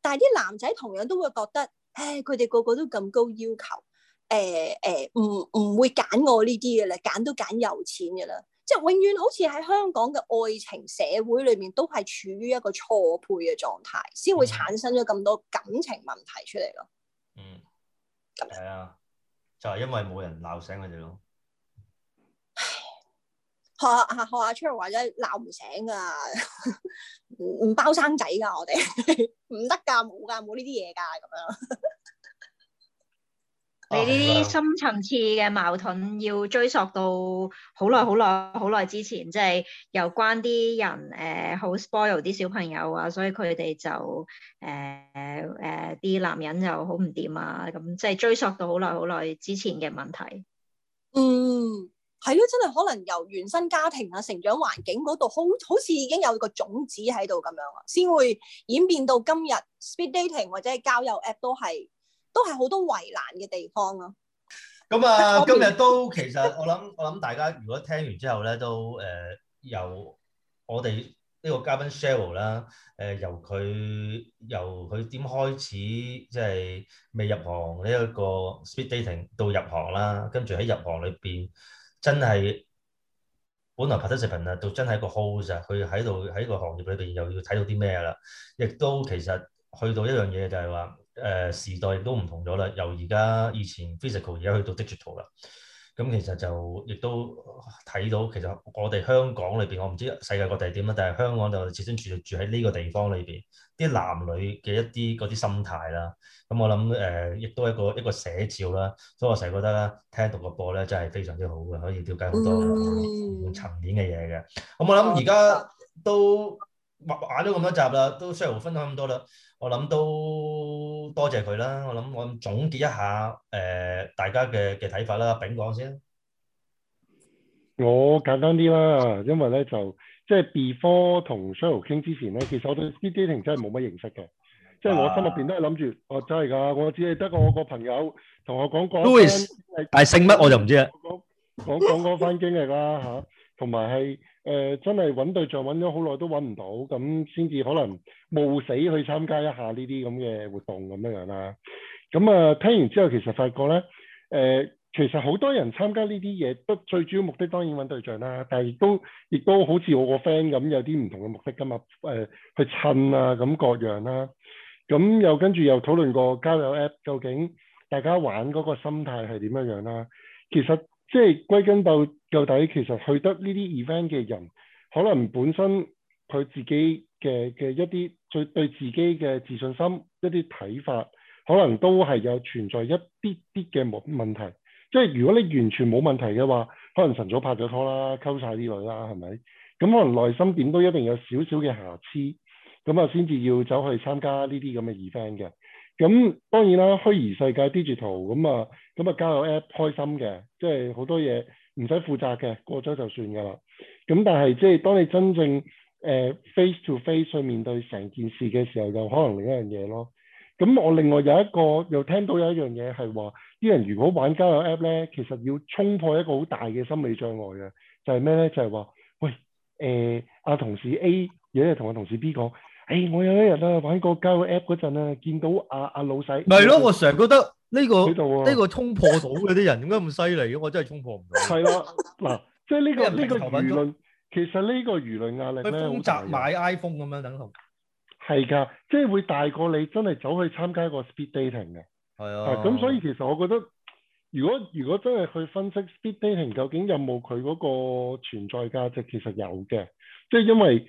但係啲男仔同樣都會覺得，誒佢哋個個都咁高要求，誒誒唔唔會揀我呢啲嘅啦，揀都揀有錢嘅啦，即係永遠好似喺香港嘅愛情社會裏面都係處於一個錯配嘅狀態，先會產生咗咁多感情問題出嚟咯。嗯，咁係啊，就係、係、因為冇人鬧醒佢哋咯。學學學阿 c h a r 話齋鬧唔醒噶，唔 包生仔噶，我哋唔得噶，冇噶，冇呢啲嘢噶咁樣。你呢啲深層次嘅矛盾要追溯到好耐好耐好耐之前，即、就、係、是、有關啲人誒好、呃、spoil 啲小朋友啊，所以佢哋就誒誒啲男人又好唔掂啊，咁即係追溯到好耐好耐之前嘅問題。嗯。係咯，真係可能由原生家庭啊、成長環境嗰度，好好似已經有個種子喺度咁樣啊，先會演變到今日 speed dating 或者係交友 app 都係都係好多圍欄嘅地方咯。咁、嗯、啊， 今日都其實我諗我諗大家如果聽完之後咧，都誒、呃、由我哋呢個嘉賓 Cheryl、呃、啦，誒由佢由佢點開始，即、就、係、是、未入行呢一個 speed dating 到入行啦，跟住喺入行裏邊。真係本來 participant 啊，到真係一個 host，佢喺度喺個行業裏邊又要睇到啲咩啦？亦都其實去到一樣嘢就係話，誒、呃、時代亦都唔同咗啦。由而家以前 physical，而家去到 digital 啦。咁 其實就亦都睇、啊、到，其實我哋香港裏邊，我唔知世界各地點啦，但係香港就始終住住喺呢個地方裏邊，啲男女嘅一啲嗰啲心態啦。咁我諗誒，亦、呃、都係一個一個寫照啦。所以我成日覺得咧，聽到個播咧，真係非常之好嘅，可以了解好多層面嘅嘢嘅。咁、啊、我諗而家都玩咗咁多集啦，都雖然分享咁多啦。我諗都多謝佢啦，我諗我總結一下誒大家嘅嘅睇法啦，炳講先。我簡單啲啦，因為咧就即係 before 同 Cheryl 傾之前咧，其實我對 speed dating 真係冇乜認識嘅，即係我心入邊都係諗住，哦真係噶，我只係得我個朋友同我講過。Louis，但係姓乜我就唔知啦。講講講翻經歷啦吓，同埋係。誒、呃、真係揾對象揾咗好耐都揾唔到，咁先至可能冒死去參加一下呢啲咁嘅活動咁樣樣、啊、啦。咁啊聽完之後，其實發覺咧，誒、呃、其實好多人參加呢啲嘢，都最主要目的當然揾對象啦、啊，但係亦都亦都好似我個 friend 咁，有啲唔同嘅目的㗎嘛。誒、呃、去襯啊咁各樣啦、啊。咁又跟住又討論過交友 app，究竟大家玩嗰個心態係點樣樣、啊、啦？其實。即係歸根到究底，其實去得呢啲 event 嘅人，可能本身佢自己嘅嘅一啲，佢對自己嘅自信心一啲睇法，可能都係有存在一啲啲嘅問問題。即係如果你完全冇問題嘅話，可能晨早拍咗拖啦，溝晒啲女啦，係咪？咁可能內心點都一定有少少嘅瑕疵，咁啊先至要走去參加呢啲咁嘅 event 嘅。咁當然啦，虛擬世界 D G 圖咁啊，咁啊交友 App 開心嘅，即係好多嘢唔使負責嘅，過咗就算㗎啦。咁但係即係當你真正誒、呃、face to face 去面對成件事嘅時候，就可能另一樣嘢咯。咁我另外有一個又聽到有一樣嘢係話，啲人如果玩交友 App 咧，其實要衝破一個好大嘅心理障礙嘅，就係咩咧？就係、是、話，喂，誒、呃、阿同事 A 有一日同阿同事 B 講。誒、哎，我有一日啊，玩個交友 app 嗰陣啊，見到阿、啊、阿、啊、老細，咪咯，我成日覺得呢個呢個衝破到嘅啲人，點解咁犀利嘅？我真係衝破唔到。係啦，嗱，即係呢個呢個輿論，其實個輿論壓呢個輿論壓力咧，去掙扎買 iPhone 咁樣等同，係噶，即、就、係、是、會大過你真係走去參加一個 speed dating 嘅。係 啊，咁所以其實我覺得，如果如果真係去分析 speed dating 究竟有冇佢嗰個存在價值，其實有嘅，即、就、係、是、因為。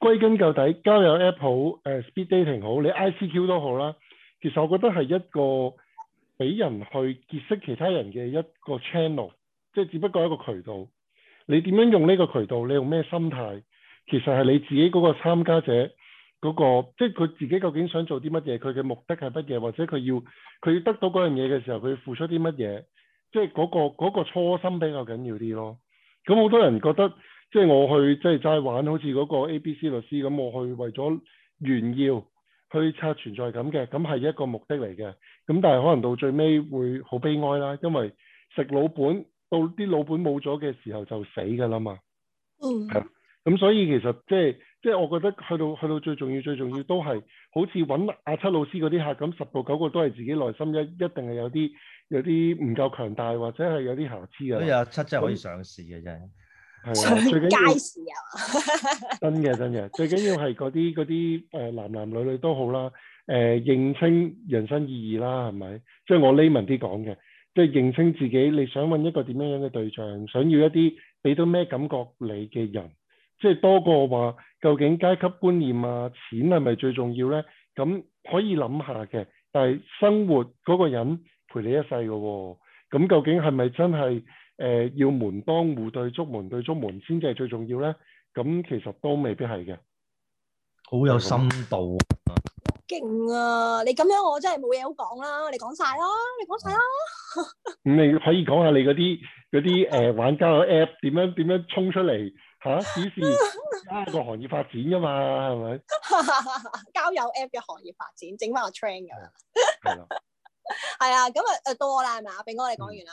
歸根究底，交友 App 好，誒、呃、Speed Dating 好，你 ICQ 都好啦。其實我覺得係一個俾人去結識其他人嘅一個 channel，即係只不過係一個渠道。你點樣用呢個渠道？你用咩心態？其實係你自己嗰個參加者嗰個，即係佢自己究竟想做啲乜嘢？佢嘅目的係乜嘢？或者佢要佢要得到嗰樣嘢嘅時候，佢要付出啲乜嘢？即係嗰個嗰個初心比較緊要啲咯。咁好多人覺得。即係我去，即係齋玩，好似嗰個 A、B、C 律師咁，我去為咗炫耀，去刷存在感嘅，咁係一個目的嚟嘅。咁但係可能到最尾會好悲哀啦，因為食老本，到啲老本冇咗嘅時候就死噶啦嘛。嗯。係咁所以其實即係即係，我覺得去到去到最重要、最重要都係，好似揾阿七老師嗰啲客咁，十個九個都係自己內心一一定係有啲有啲唔夠強大，或者係有啲瑕疵啊。所以阿七真係可以上市嘅啫。那以係 啊，最緊要市、啊、 真嘅真嘅，最緊要係嗰啲嗰啲誒男男女女都好啦，誒、呃、認清人生意義啦，係咪？即、就、係、是、我 layman 啲講嘅，即、就、係、是、認清自己你想揾一個點樣樣嘅對象，想要一啲俾到咩感覺你嘅人，即、就、係、是、多過話究竟階級觀念啊，錢係咪最重要咧？咁可以諗下嘅，但係生活嗰個人陪你一世噶喎，咁究竟係咪真係？誒，要門當戶對，足門對足門先至係最重要咧。咁其實都未必係嘅，好有深度，勁啊！你咁樣我真係冇嘢好講啦，你講晒啦，你講晒啦。咁你可以講下你嗰啲啲誒，玩交友 app 點樣點樣衝出嚟吓？以前個行業發展噶嘛，係咪？交友 app 嘅行業發展，整翻個 train 噶，係啊，咁啊誒多啦，係咪？阿炳哥你講完啦，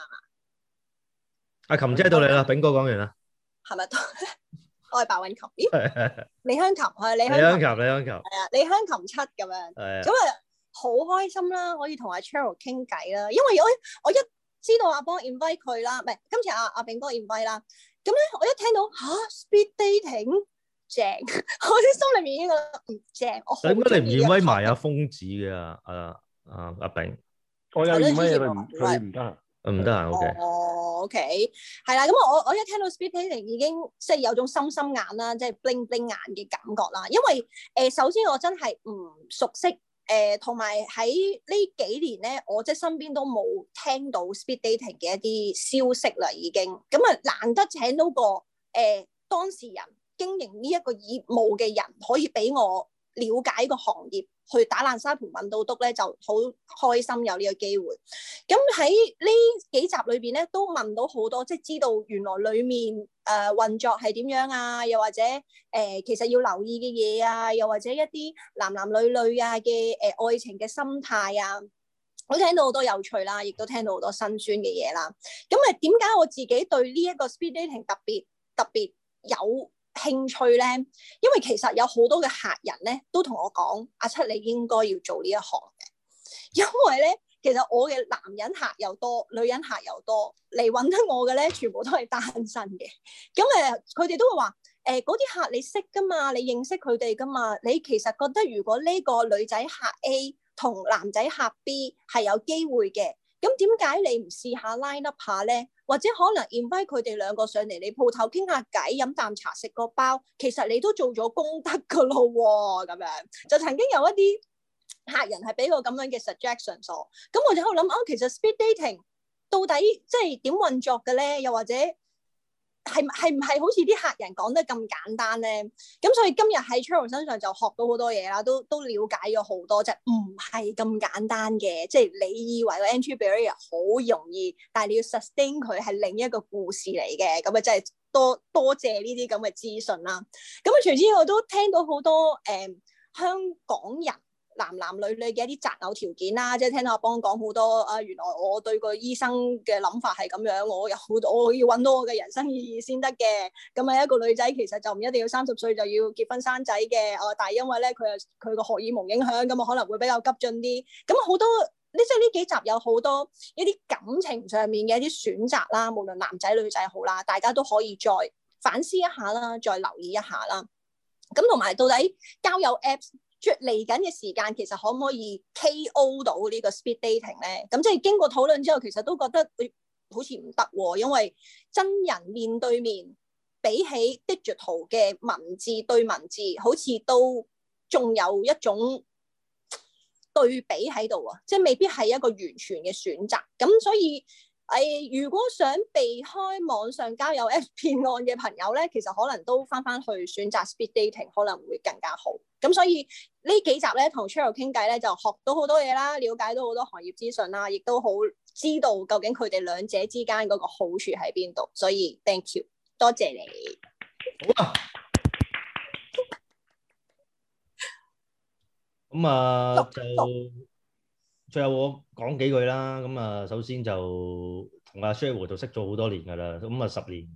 阿、啊、琴姐到你啦，炳哥講完啦，係咪？我係白韻琴，咦？李 香琴，我係李香。琴，李香琴。係啊， 李香琴七咁樣，咁啊好開心啦，可以同阿 Cheryl 傾偈啦，因為我我一知道阿邦 invite 佢啦，唔係今次、啊、阿阿炳哥 invite 啦，咁咧我一聽到吓 speed dating 正，我先心裏面已經覺正，我 bl、ok 室。點解你唔 invite 埋阿瘋子嘅？啊啊阿炳，我有 invite 佢唔得。唔得閒，OK，係啦，咁 Okay.、哦 okay. 我我一聽到 speed dating 已經即係、就是、有種心心眼啦，即係 bling bling 眼嘅感覺啦。因為誒、呃，首先我真係唔熟悉誒，同埋喺呢幾年咧，我即係身邊都冇聽到 speed dating 嘅一啲消息啦，已經咁啊，就難得請到個誒、呃、當事人經營呢一個業務嘅人，可以俾我了解個行業。去打爛沙盤問到篤咧，就好開心有呢個機會。咁喺呢幾集裏邊咧，都問到好多，即係知道原來裏面誒、呃、運作係點樣啊，又或者誒、呃、其實要留意嘅嘢啊，又或者一啲男男女女啊嘅誒愛情嘅心態啊，我聽到好多有趣啦，亦都聽到好多辛酸嘅嘢啦。咁啊，點解我自己對呢一個 speed dating 特別特別有興趣咧，因為其實有好多嘅客人咧都同我講：阿七，你應該要做呢一行嘅。因為咧，其實我嘅男人客又多，女人客又多，嚟搵得我嘅咧，全部都係單身嘅。咁、嗯、誒，佢哋都會話：誒、呃，嗰啲客你識㗎嘛？你認識佢哋㗎嘛？你其實覺得如果呢個女仔客 A 同男仔客 B 係有機會嘅？咁點解你唔試下 line up 下咧？或者可能 invite 佢哋兩個上嚟你鋪頭傾下偈、飲啖茶、食個包，其實你都做咗功德噶咯喎！咁樣就曾經有一啲客人係俾個咁樣嘅 suggestions，咁我，我就喺度諗，哦，其實 speed dating 到底即係點運作嘅咧？又或者？係係唔係好似啲客人講得咁簡單咧？咁所以今日喺 Cheryl 身上就學到好多嘢啦，都都瞭解咗好多，即係唔係咁簡單嘅。即係你以為個 entry barrier 好容易，但係你要 sustain 佢係另一個故事嚟嘅。咁啊真係多多謝呢啲咁嘅資訊啦。咁啊除此之外，我都聽到好多誒、嗯、香港人。男男女女嘅一啲擇偶條件啦、啊，即係聽阿邦講好多啊。原來我對個醫生嘅諗法係咁樣，我有好多我要揾到我嘅人生意義先得嘅。咁啊，一個女仔其實就唔一定要三十歲就要結婚生仔嘅哦。但係因為咧佢佢個荷爾蒙影響，咁啊可能會比較急進啲。咁好多呢，即係呢幾集有好多一啲感情上面嘅一啲選擇啦，無論男仔女仔好啦，大家都可以再反思一下啦，再留意一下啦。咁同埋到底交友 Apps？即嚟緊嘅時間，其實可唔可以 KO 到呢個 speed dating 咧？咁即係經過討論之後，其實都覺得、欸、好似唔得喎，因為真人面對面比起 digital 嘅文字對文字，好似都仲有一種對比喺度啊！即係未必係一個完全嘅選擇，咁所以。係，如果想避開網上交友呃騙案嘅朋友咧，其實可能都返返去選擇 Speed Dating 可能會更加好。咁所以呢幾集咧，同 Cheryl 傾偈咧，就學到好多嘢啦，了解到好多行業資訊啦，亦都好知道究竟佢哋兩者之間嗰個好處喺邊度。所以 Thank you，多謝你。好啊。咁、 嗯、啊，六呃最後我講幾句啦，咁啊首先就同阿 Cheryl 就識咗好多年噶啦，咁啊十年，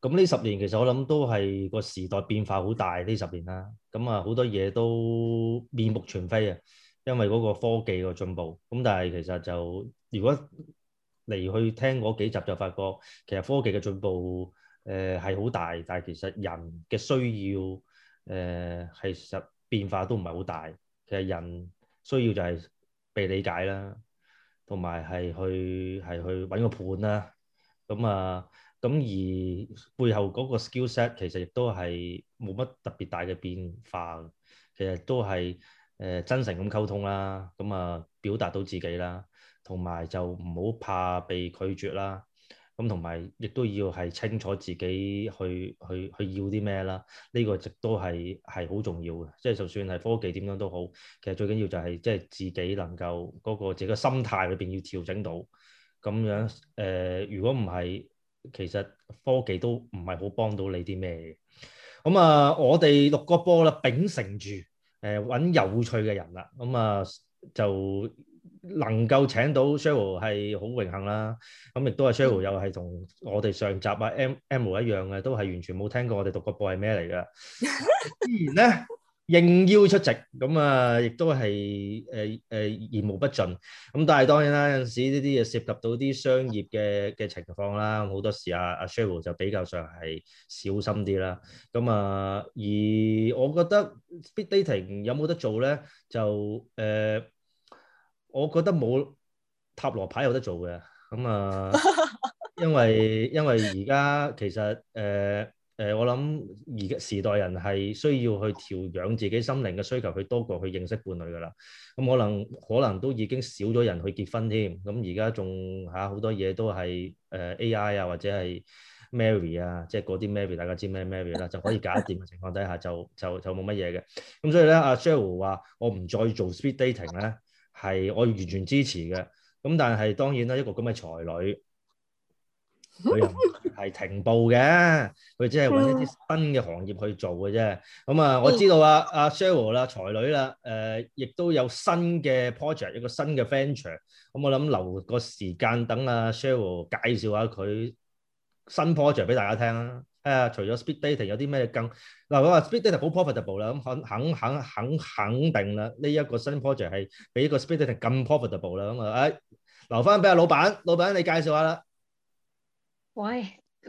咁呢十年其實我諗都係個時代變化好大呢十年啦，咁啊好多嘢都面目全非啊，因為嗰個科技嘅進步，咁但係其實就如果嚟去聽嗰幾集就發覺，其實科技嘅進步誒係好大，但係其實人嘅需要誒係實變化都唔係好大，其實人需要就係、是，被理解啦，同埋係去係去揾個盤啦，咁啊咁而背後嗰個 skill set 其實亦都係冇乜特別大嘅變化，其實都係誒、呃、真誠咁溝通啦，咁啊表達到自己啦，同埋就唔好怕被拒絕啦。咁同埋，亦都要係清楚自己去去去要啲咩啦。呢個亦都係係好重要嘅，即係就算係科技點樣都好，其實最緊要就係即係自己能夠嗰個自己嘅心態裏邊要調整到咁樣。誒，如果唔係，其實科技都唔係好幫到你啲咩嘅。咁啊，我哋獨角播啦，秉承住誒揾有趣嘅人啦。咁啊就～能夠請到 Cheryl 係好榮幸啦，咁亦都係 Cheryl 又係同我哋上集啊 M M 一樣嘅，都係完全冇聽過我哋讀個播係咩嚟噶。依然咧應邀出席，咁啊亦都係誒誒言無不盡，咁但係當然啦，有陣時呢啲嘢涉及到啲商業嘅嘅情況啦，好多時阿阿 Cheryl 就比較上係小心啲啦。咁啊，而我覺得 Speed Dating 有冇得做咧，就誒。我覺得冇塔羅牌有得做嘅，咁、嗯、啊，因為因為而家其實誒誒、呃呃，我諗而家時代人係需要去調養自己心靈嘅需求，去多過去認識伴侶噶啦。咁、嗯、可能可能都已經少咗人去結婚添。咁而家仲嚇好多嘢都係誒、呃、AI 啊，或者係 Mary 啊，即係嗰啲 Mary，大家知咩 Mary 啦、啊，就可以搞掂嘅情況底下就就就冇乜嘢嘅。咁、嗯、所以咧，阿 Cheryl 話我唔再做 speed dating 咧。係，我完全支持嘅。咁但係當然啦，一個咁嘅才女，佢又係停步嘅，佢只係揾一啲新嘅行業去做嘅啫。咁、嗯、啊，我知道啊，阿、啊、Cheryl 啦、啊，才女啦，誒、呃，亦都有新嘅 project，一個新嘅 venture。咁、嗯、我諗留個時間等阿、啊、Cheryl 介紹下佢新 project 俾大家聽啊。係除咗 speed dating 有啲咩更嗱，佢話 speed dating 好 profitable 啦，咁肯肯肯肯肯定啦，呢、這個、一個新 project 係比個 speed dating 更 profitable 啦、嗯，咁、哎、啊，留翻俾阿老闆，老闆你介紹下啦。喂，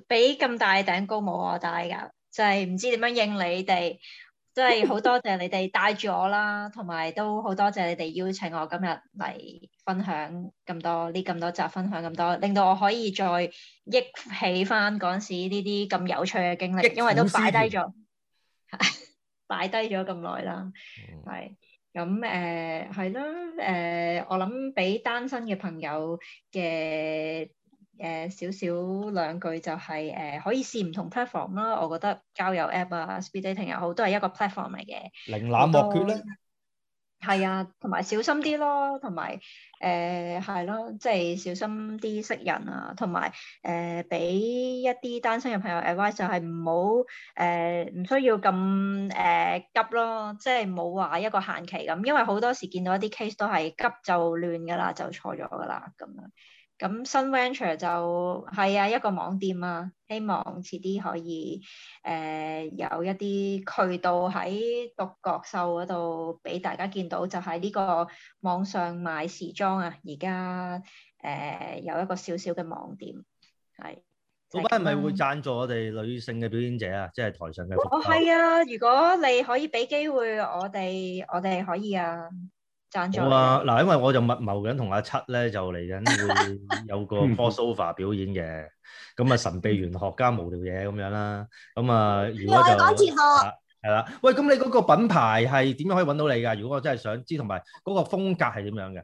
俾咁大頂高帽我戴㗎，就係、是、唔知點樣應你哋。即係好多謝你哋帶住我啦，同埋都好多謝你哋邀請我今日嚟分享咁多呢咁多集，分享咁多，令到我可以再憶起翻嗰陣時呢啲咁有趣嘅經歷，因為都擺低咗，擺低咗咁耐啦。係咁誒，係咯誒，我諗俾單身嘅朋友嘅。誒，少少兩句就係、是、誒，uh, 可以試唔同 platform 啦、uh,。我覺得交友 app 啊、uh,，speed dating 又好，都係一個 platform 嚟嘅。零冷漠血咧？係、uh, 啊，同埋小心啲咯，同埋誒係咯，即、uh, 係、啊就是、小心啲識人啊，同埋誒俾一啲單身嘅朋友，advice 就係唔好誒，唔、uh, 需要咁誒、uh, 急咯，即係冇話一個限期咁，因為好多時見到一啲 case 都係急就亂噶啦，就錯咗噶啦咁樣。咁新 venture 就係啊一個網店啊，希望遲啲可以誒、呃、有一啲渠道喺獨角獸嗰度俾大家見到，就係呢個網上買時裝啊！而家誒有一個小小嘅網店，係老闆係咪會贊助我哋女性嘅表演者啊？即係台上嘅服裝。哦，係啊！如果你可以俾機會我哋，我哋可以啊。好啊，嗱，因為我就密謀緊同阿七咧，就嚟緊會有個 crossover 表演嘅，咁啊 神秘玄學家無聊嘢咁樣啦、啊，咁啊如果就我講節目，係啦、啊，喂，咁你嗰個品牌係點樣可以揾到你㗎？如果我真係想知，同埋嗰個風格係點樣嘅？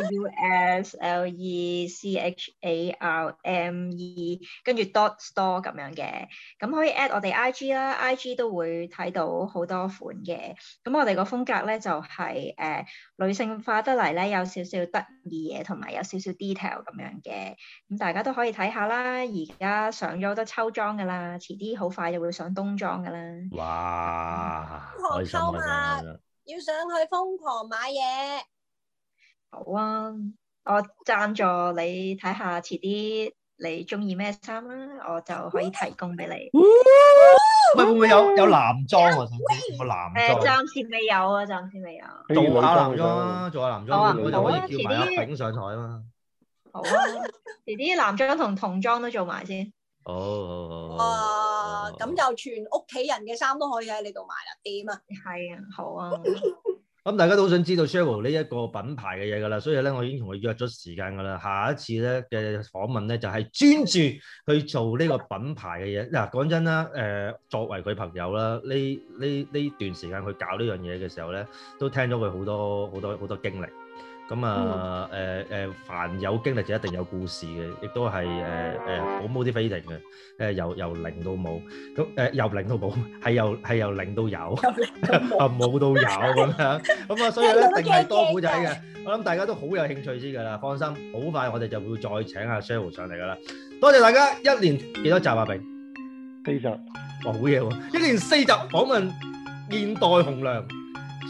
U S L E C H A R M E 跟住 dot store 咁樣嘅，咁可以 at 我哋 IG 啦，IG 都會睇到好多款嘅。咁我哋個風格咧就係、是、誒、呃、女性化得嚟咧，有少少得意嘢，同埋有少少 detail 咁樣嘅。咁大家都可以睇下啦。而家上咗好多秋裝噶啦，遲啲好快就會上冬裝噶啦。哇！瘋狂購物，要上去瘋狂買嘢。好啊，我讚助你睇下，遲啲你中意咩衫啦，我就可以提供俾你。喂會唔會有有男裝啊？有男裝誒、啊，暫、嗯、時未有啊，暫時未有。做下男裝啊，做下男裝，我就可以叫佢影上台啊嘛。好，遲啲男裝同童裝都做埋先。哦，好，咁就全屋企人嘅衫都可以喺你度買啦，點啊？係啊、哦，好啊。 嗯、大家都想知道 Cheryl 呢一個品牌嘅嘢㗎啦，所以咧我已經同佢約咗時間㗎啦。下一次咧嘅訪問咧就係、是、專注去做呢個品牌嘅嘢。嗱，講真啦，誒作為佢朋友啦，呢呢呢段時間去搞呢樣嘢嘅時候咧，都聽咗佢好多好多好多經歷。咁啊，誒誒，凡有經歷就一定有故事嘅，亦都係誒誒好無敵菲定嘅，誒由由零到冇，咁誒由零到冇係由係由零到有啊冇到有咁樣，咁啊所以咧一定係多故仔嘅，我諗大家都好有興趣知㗎啦，放心，好快我哋就會再請阿 Cheryl 上嚟㗎啦，多謝大家一年幾多集啊，炳四集，哇好嘢喎，一年四集訪問現代紅娘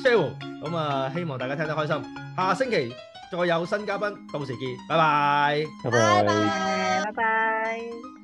Cheryl，咁啊希望大家聽得開心。下星期再有新嘉賓，到時見，拜拜，拜拜，拜拜。